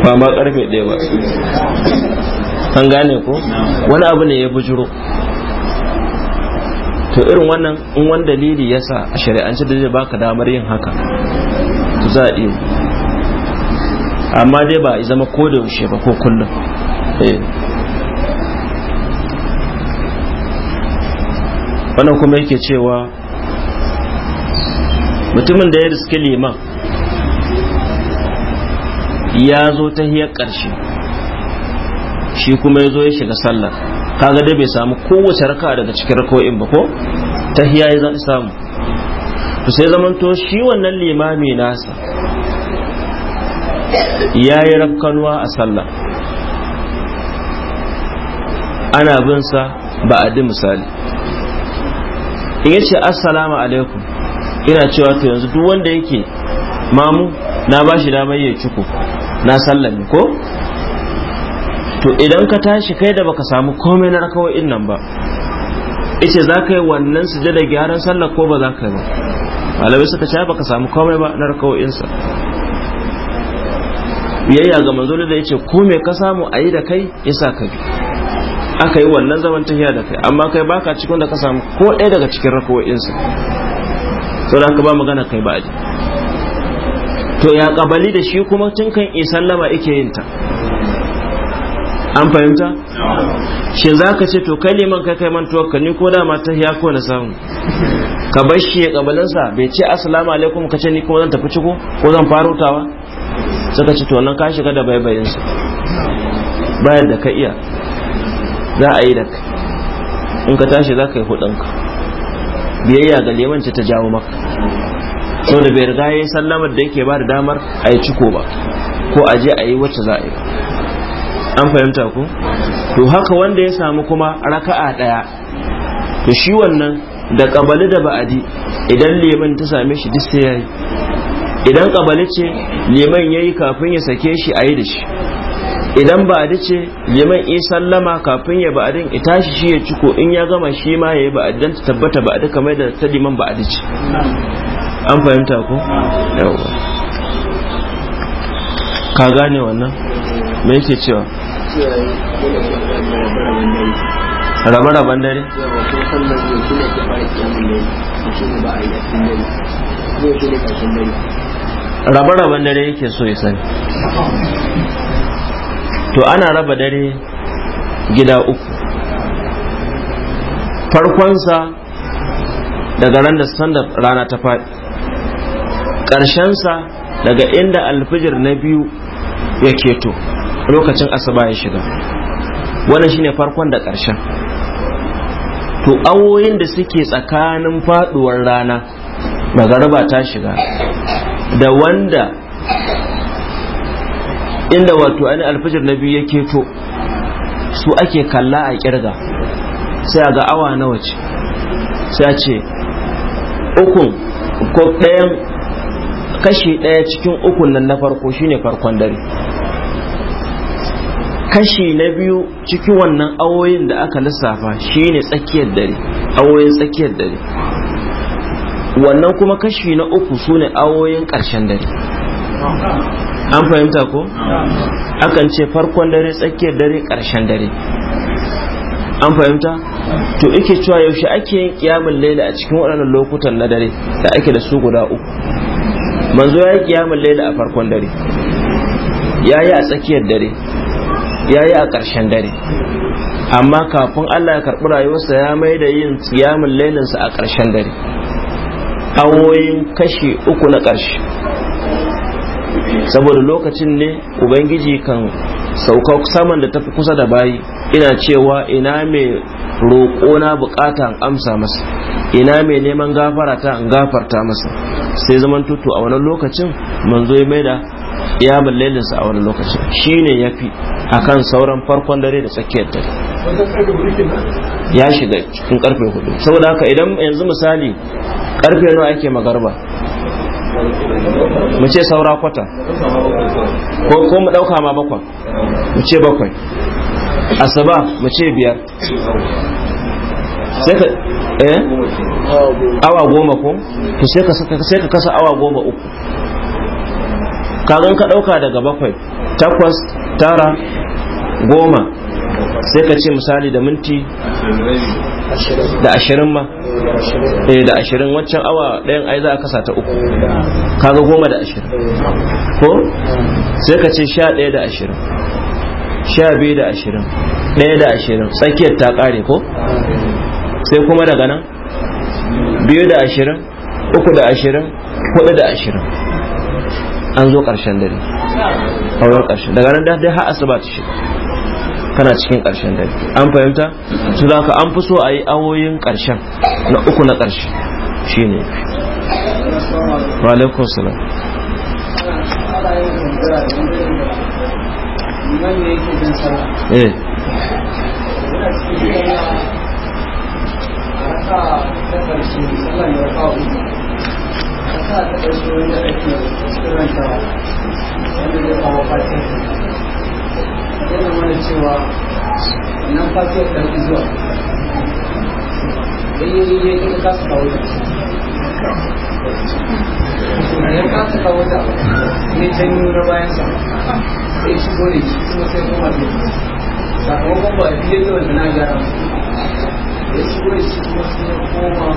ba ma karfe ɗaya ba an gane ko wani abu ne ya bujuro to irin wannan in wani dalili ya sa a shari'ance da zai baka damar yin haka za a iya amma dai ba a zama ko da yaushe ba ko kullum eh. wannan kuma yake cewa mutumin da ya riske liman ya zo ta hiyar ƙarshe shi kuma ya zo ya shiga sallar kaga dai bai samu kowace raka daga cikin rako'in ba ko ta tahiya ya samu to sai zamanto shi wannan limami nasa ya yi rafkanuwa a sallah ana bin sa ba a misali in ya ce assalamu alaikum ina cewa to yanzu duk wanda yake mamu na ba shi damar ya ciko na sallami ko to idan ka tashi kai da baka samu komai na rakawo'in nan ba ita za ka yi wannan da gyaran sallar ko ba za ka yi ba malamai suka ce baka samu komai ba na sa. biyayya ga manzo da yace ko me ka samu ayi da kai yasa ka bi aka yi wannan zaman tafiya da kai amma kai baka cikin da ka samu ko ɗaya daga cikin rakawo'insa sau da ba magana kai ba aji to ya kabali da shi kuma tun kan isallama ike yin ta an fahimta shi za ka ce to kai liman kai kai mantuwa ka ni ko dama ta ya ko samu ka bar shi ya kabalinsa bai ce assalamu alaikum ka ce ni kuma zan tafi ciko ko zan faro tawa suka ce to nan ka shiga da baibayinsa bayan da ka iya za a yi da kai in ka tashi za ka yi ka biyayya ga liman ce ta jawo maka sau da bai riga ya yi sallamar da yake ba da damar a yi ciko ba ko a je a yi wacce za a yi an fahimta ko to haka wanda ya samu kuma raka'a daya to shi wannan da kabali da ba'adi idan liman ta same shi duk sai yayi idan kabali ce liman yayi kafin ya sake shi a yi da shi idan ba'adi ce liman yi sallama kafin ya ba'adin ya tashi shi ya ciko in ya gama shi ma ya yi ba'adin ta tabbata ba'adi kamar da ta liman ba'adi ce an fahimta ko yawa ka gane wannan me yake cewa rabe-raben dare? dare yake so ya sani to ana raba dare gida uku farkonsa daga ran da standard rana ta faɗi ƙarshensa daga inda alfijir na biyu ya keto lokacin asuba ya shiga wannan shine farkon da karshe to awoyin da suke tsakanin faduwar rana magaraba ta shiga da wanda inda wato ainihin alfijir na biyu ya to su ake kalla a kirga sai a ga awa nawa ce sai a ce ukun ko ɗayan kashi ɗaya cikin uku nan na farko shine farkon dare kashi na biyu cikin wannan awoyin da aka lissafa shine tsakiyar dare awoyin tsakiyar dare wannan kuma kashi na uku sune awoyin ƙarshen dare an fahimta ko akan ce farkon dare tsakiyar dare ƙarshen dare an fahimta to ike cewa yaushe ake yin kiyamun laila a cikin waɗannan lokutan na dare da ake da su guda uku manzo ya yi kiyamun laila a farkon dare ya yi a tsakiyar dare ya yi a ƙarshen dare amma kafin Allah ya karɓi rayuwarsa ya mai da yin tsiyamin lailinsa a ƙarshen dare awoyin kashi uku na ƙarshe saboda lokacin ne ubangiji kan sauka saman da tafi kusa da bayi ina cewa ina mai roƙo na bukata amsa masa ina mai neman gafara ta in gafarta masa sai zaman tutu a wani lokacin manzo ya maida Ya lailinsa a wani lokaci shi ne ya fi a kan sauran farkon dare da tsakiyar dare ya shiga cikin karfe hudu saboda haka idan yanzu misali karfe nawa ake magarba mu ce saura kwata ko ko mu dauka ma bakwai mu ce bakwai asaba mu ce biyar sai ka eh awa goma ko to sai ka kasa awa goma uku kagan ka ɗauka daga bakwai takwas tara goma sai ka ce misali da minti da ashirin ma eh da ashirin waccan awa ɗayan ai za a kasa ta uku kaga goma da ashirin ko sai ka ce sha ɗaya da ashirin sha biyu da ashirin ɗaya da ashirin tsakiyar ta ƙare ko sai kuma daga nan biyu da ashirin uku da ashirin hudu da ashirin an zo ƙarshen dare auren ƙarshen daga nan dai har asuba ta shiga kana cikin ƙarshen dare an fahimta su za ka an fi so a yi awoyin ƙarshen na uku na ƙarshe shi ne walaikun salam eh sakamakon ba a fiye da wanda na gyara ya shigo da shi kuma sai koma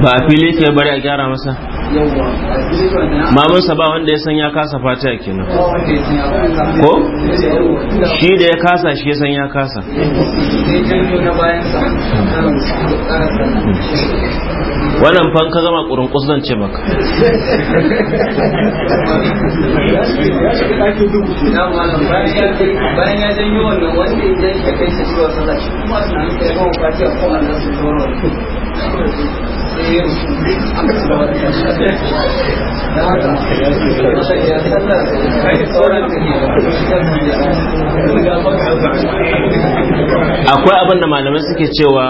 ba a fili sai bari a gyara masa mamunsa ba wanda ya san ya kasa fatiha kenan ko shi da ya kasa shi ya san ya kasa wannan fan ka zama ƙurunkus zan ce maka akwai abin da malamai suke cewa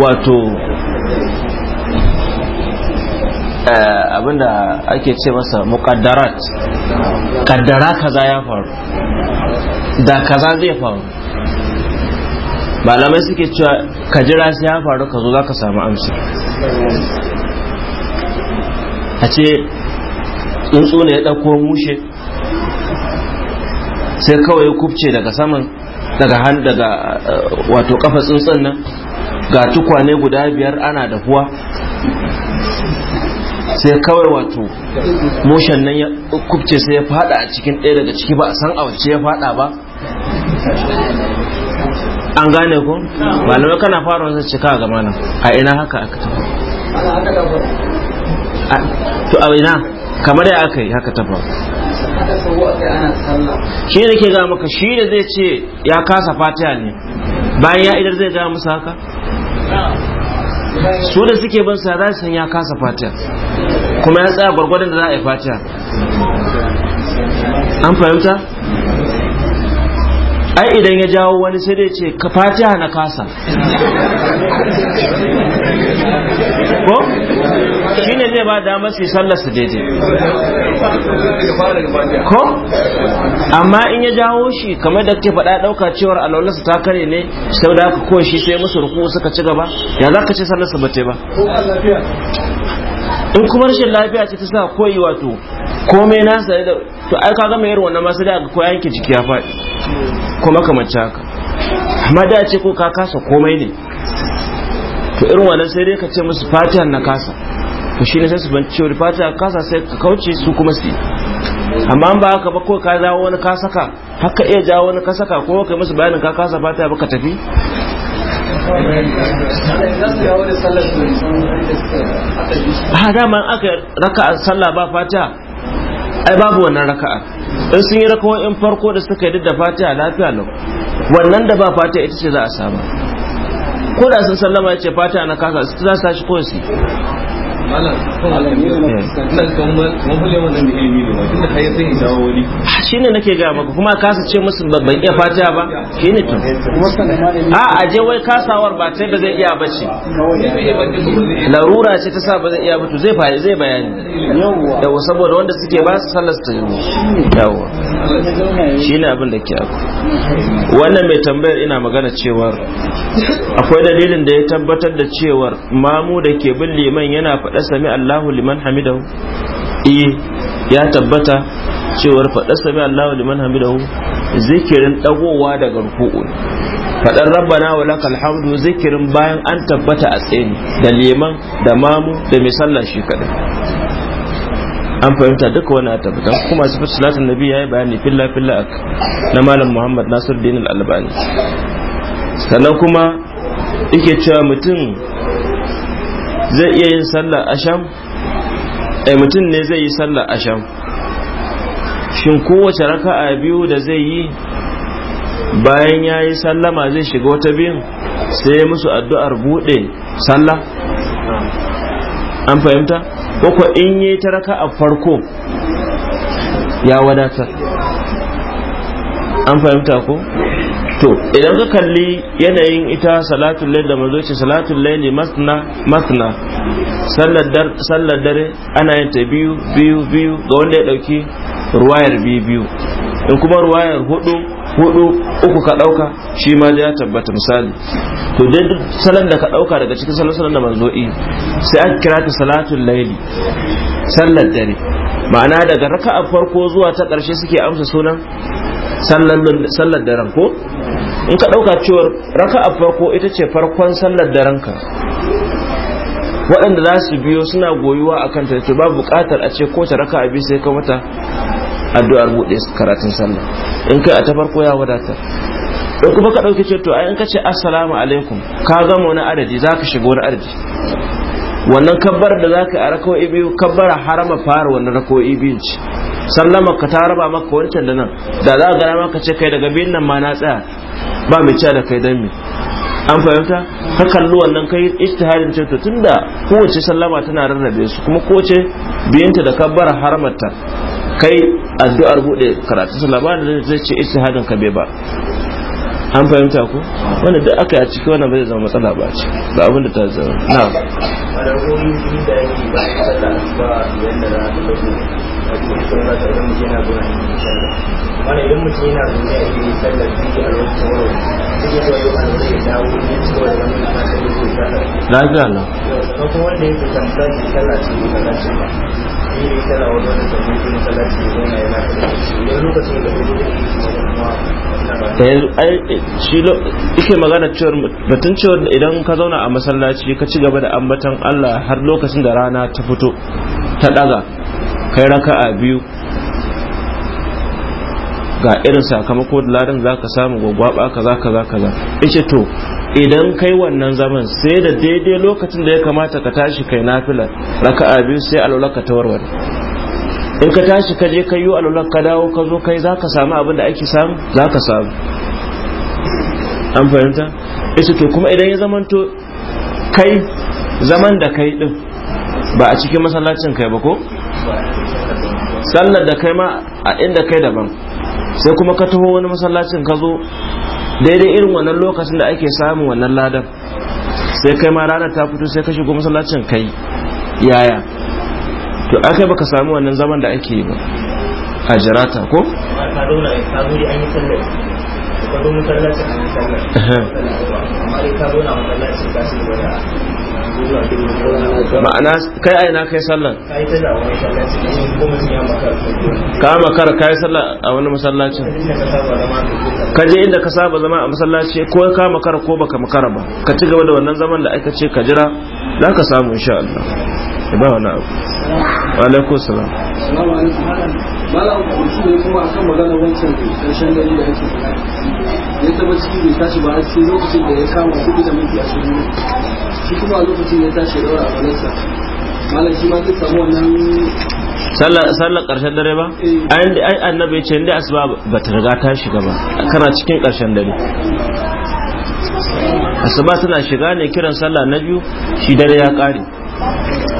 wato eh, abinda ake ce masa mukaddarat kaddara kaza ya faru da kaza zai faru malamai suke cewa ka jira sai ya faru ka zo za ka samu amsa a ce tsuntsu ne ya ɗauko mushe sai kawai ya kubce daga saman daga hand daga eh, wato kafa tsuntsun nan ga tukwane guda biyar ana da huwa sai kawai wato mushen nan ya kubce sai ya fada a cikin ɗaya daga ciki ba a san a wacce ya fada ba an gane ku malamai kana fara wasu cika ga malam a ina haka aka tafi to a ina kamar ya aka yi haka tafa shi ne ke gama maka shi da zai ce ya kasa fatiha ne bayan ya idar zai ga musu haka su da suke bin sa za su san ya kasa fatiha kuma ya tsaya gwargwadon da za a yi fatiha an fahimta ai idan ya jawo wani sai dai ce ka fatiha na kasa ko shine zai ba dama su sallar su daidai ko amma in ya jawo shi kamar da ke faɗa ɗauka cewar alwalarsa ta kare ne sau da aka koya shi sai musu ruku suka ci gaba ya za ka ce sallar su bate ba in kuma rashin lafiya ce ta sa koyi wato komai nasa to ai kaga mai irin wannan masu da ga koyan yanke jiki ya faɗi ko makamacin haka amma da ce ko ka kasa komai ne to irin wannan sai dai ka ce musu fatiha na kasa to shine sai su banci cewa fatiha kasa sai ka kauce su kuma su amma ba haka ba ko ka dawo wani ka saka haka iya jawo wani ka saka ko kai musu bayanin ka kasa fatiha ba ka tafi ha dama aka raka sallah ba fatiha ai babu wannan raka'a in sun yi in farko da suka yi da fatiha lafiya lau wannan da ba fatiha ita ce za a saba ko da sun sallama ya ce fatiha na kasa su za su tashi ko su Eh. Ah, shi ne nake gaya maka kuma kasa ce musu ban iya fatiha ba ke ne to ah, a aje wai kasawar ba ta ba zai iya ba ce larura ce ta sa ba zai iya ba to zai faye zai bayani yawa saboda wanda suke ba su sallar su yi yawa shi ne abin da ke aku wannan mai tambayar ina magana cewar akwai dalilin da ya tabbatar da cewar mamu da ke bin liman yana faɗa sami Allahu liman hamidahu eh ya tabbata cewar faɗa sami Allahu liman hamidahu zikirin dagowa daga ruku'u faɗar rabbana wa lakal hamdu zikirin bayan an tabbata a tsayin da liman da mamu da mai sallah shi kaɗai an fahimta duka wani a tabbata kuma masu fi salatin nabi ya yi bayani filla filla na malam muhammad nasir din al-albani sannan kuma yake cewa mutum zai iya yin sallar asham eh mutum ne zai yi sallar asham shin kowace raka'a biyu da zai yi bayan ya yi sallama zai shiga wata biyun sai ya musu addu'ar buɗe sallah an fahimta ko in yi ta raka'a farko ya wadatar an fahimta ko to idan ka kalli yanayin ita salatul layl da manzo ce salatul layl masna masna sallar dare ana yin ta biyu biyu biyu ga wanda ya dauki ruwayar biyu biyu in kuma ruwayar hudu hudu uku ka dauka shi ma ya tabbata misali to dai duk salan da ka dauka daga cikin sallar da manzo yi sai aka kira ta salatul layl sallar dare ma'ana daga raka'a farko zuwa ta karshe suke amsa sunan sallar daren ko in ka ɗauka cewar a farko ita ce farkon sallar da ranka waɗanda za su biyo suna goyuwa a kanta to ba buƙatar a ce kowace a biyu sai ka mata addu'ar buɗe karatun sallar in kai a ta farko ya wadatar in kuma ka ɗauki ce to ai in ka ce assalamu alaikum ka gama wani adadi za ka shiga wani adadi wannan kabbar da za ka a rakawai biyu kabbara harama fara wannan rako ibi ce sallama ka ta raba maka wancan da nan da za a gana maka ce kai daga biyun nan ma na tsaya ba mai cewa da kai dan mi an fahimta ka kalli wannan kai ijtihadin ce to tunda kowace sallama tana rarrabe su kuma kowace biyanta da kabbara haramarta kai addu'ar bude karatu sallama da zai ce ijtihadin ka bai ba an fahimta ko wanda duk aka yi a ciki wannan bai zama matsala ba ce ba abin da ta zama na wani mutum yana yi sallar a lokacin dawo ne da wani eh, na ji kuma wanda ke sallar ce ne ce ba shi ne sallar wani wani sallar ce ne na yana lokacin da zai ike magana cewar batun cewar idan ka zauna a masallaci ka ci gaba da ambatan Allah har lokacin da rana ta fito ta daga kai a biyu ga irin sakamako da ladan za ka samu gwagwaba za ka za ishe to idan kai wannan zaman sai da daidai lokacin da ya kamata ka tashi kai nafila a biyu sai alwala ka warware in ka tashi ka je ka yi alwala ka dawo ka zo kai za ka samu abin da ake samu za ka samu an fahimta ice to kuma idan ya to kai zaman da kai din ba a cikin masallacin kai ba ko sallar da kai ma a inda kai daban sai kuma ka taho wani masallacin ka zo daidai irin wannan lokacin da ake samun wannan ladan sai kai ma ranar ta fito sai ka shigo masallacin kai yaya to akai baka samu wannan zaman da ake yi ba a jirata ko? ka ma'ana kai aina kai sallan ka makar kai sallah a wani masallacin ka je inda ka saba zama a masallaci ko ka makara ko baka makara ba ka ci gaba da wannan zaman da aka ce ka jira za ka samu insha Allah ba wani abu wa alaikum salam malam kuma akan magana wancan da ake ya zama ciki tashi ba a cikin lokacin da ya kama da miki a cikin shi kuma a lokacin ya tashi a balansa malam shi ma zai samu wannan sallar karshen dare ba eh. ai annabi ce inda asuba ba ta riga ta shiga ba kana cikin karshen dare asuba tana shiga ne kiran sallah na biyu shi dare ya kare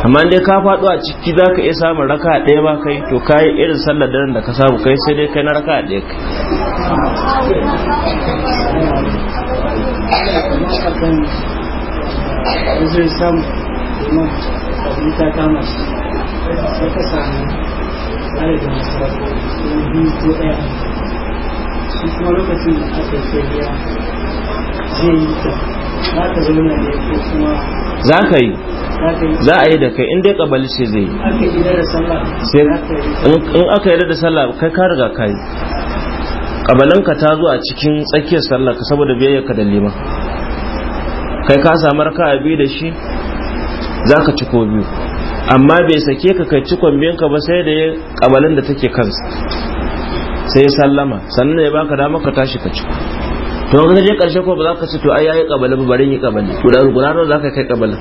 amma dai ka faɗo a ciki za ka iya samun raka a ɗaya ba kai to ka yi irin sallar da ka samu kai sai dai kai na raka a ɗaya kai za ka yi za a yi da kai in dai kabali ce zai in aka yi da sallah kai ka riga ka yi kabalinka ta zo a cikin tsakiyar sallah ka saboda biyayyar ka da liman kai ka samu raka biyu da shi za ka ciko biyu amma bai sake ka kai cikon biyun ka ba sai da ya kabalin da take kansa sai ya sallama sannan ya baka dama ka tashi ka ciko to in ka je karshe ko ba za ka ci to ai yayi kabalin ba bari yi kabali guda guda za ka kai kabalin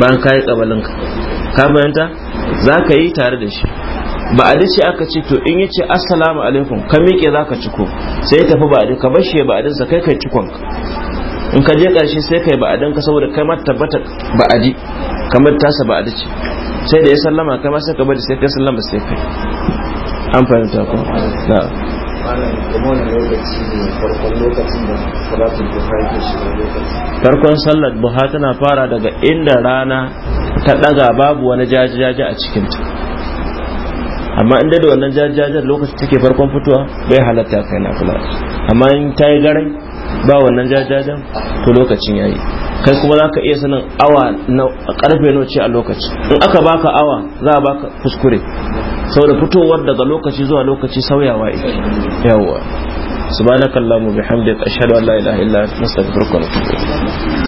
bayan ka yi kabalin ka ka bayanta za ka yi tare da shi ba a dace aka ci to in yace assalamu alaikum ka miƙe za ka ciko sai tafi ba ka bashi ba ba adinsa kai kai cikon ka in ka je karshe sai kai ba adin ka saboda kai ma tabbata ba adi kamar tasa ba dace sai da ya sallama kai ma sai ka bari sai ka sallama sai kai an fahimta ko na'am farkon sallar buha tana fara daga inda rana ta daga babu wani jajjaji a cikinta amma inda da wannan jajjajin lokaci take farkon fitowa bai halatta kai na kula amma in ta yi garai ba wannan jajajen to lokacin ya yi kai kuma za ka iya sanin awa na karfe noci a lokaci in aka baka awa za a baka kuskure saboda fitowar daga lokaci zuwa lokaci sauyawa yake yawwa subhanakallahumma bihamdika ashhadu an la ilaha illa anta astaghfiruka wa atubu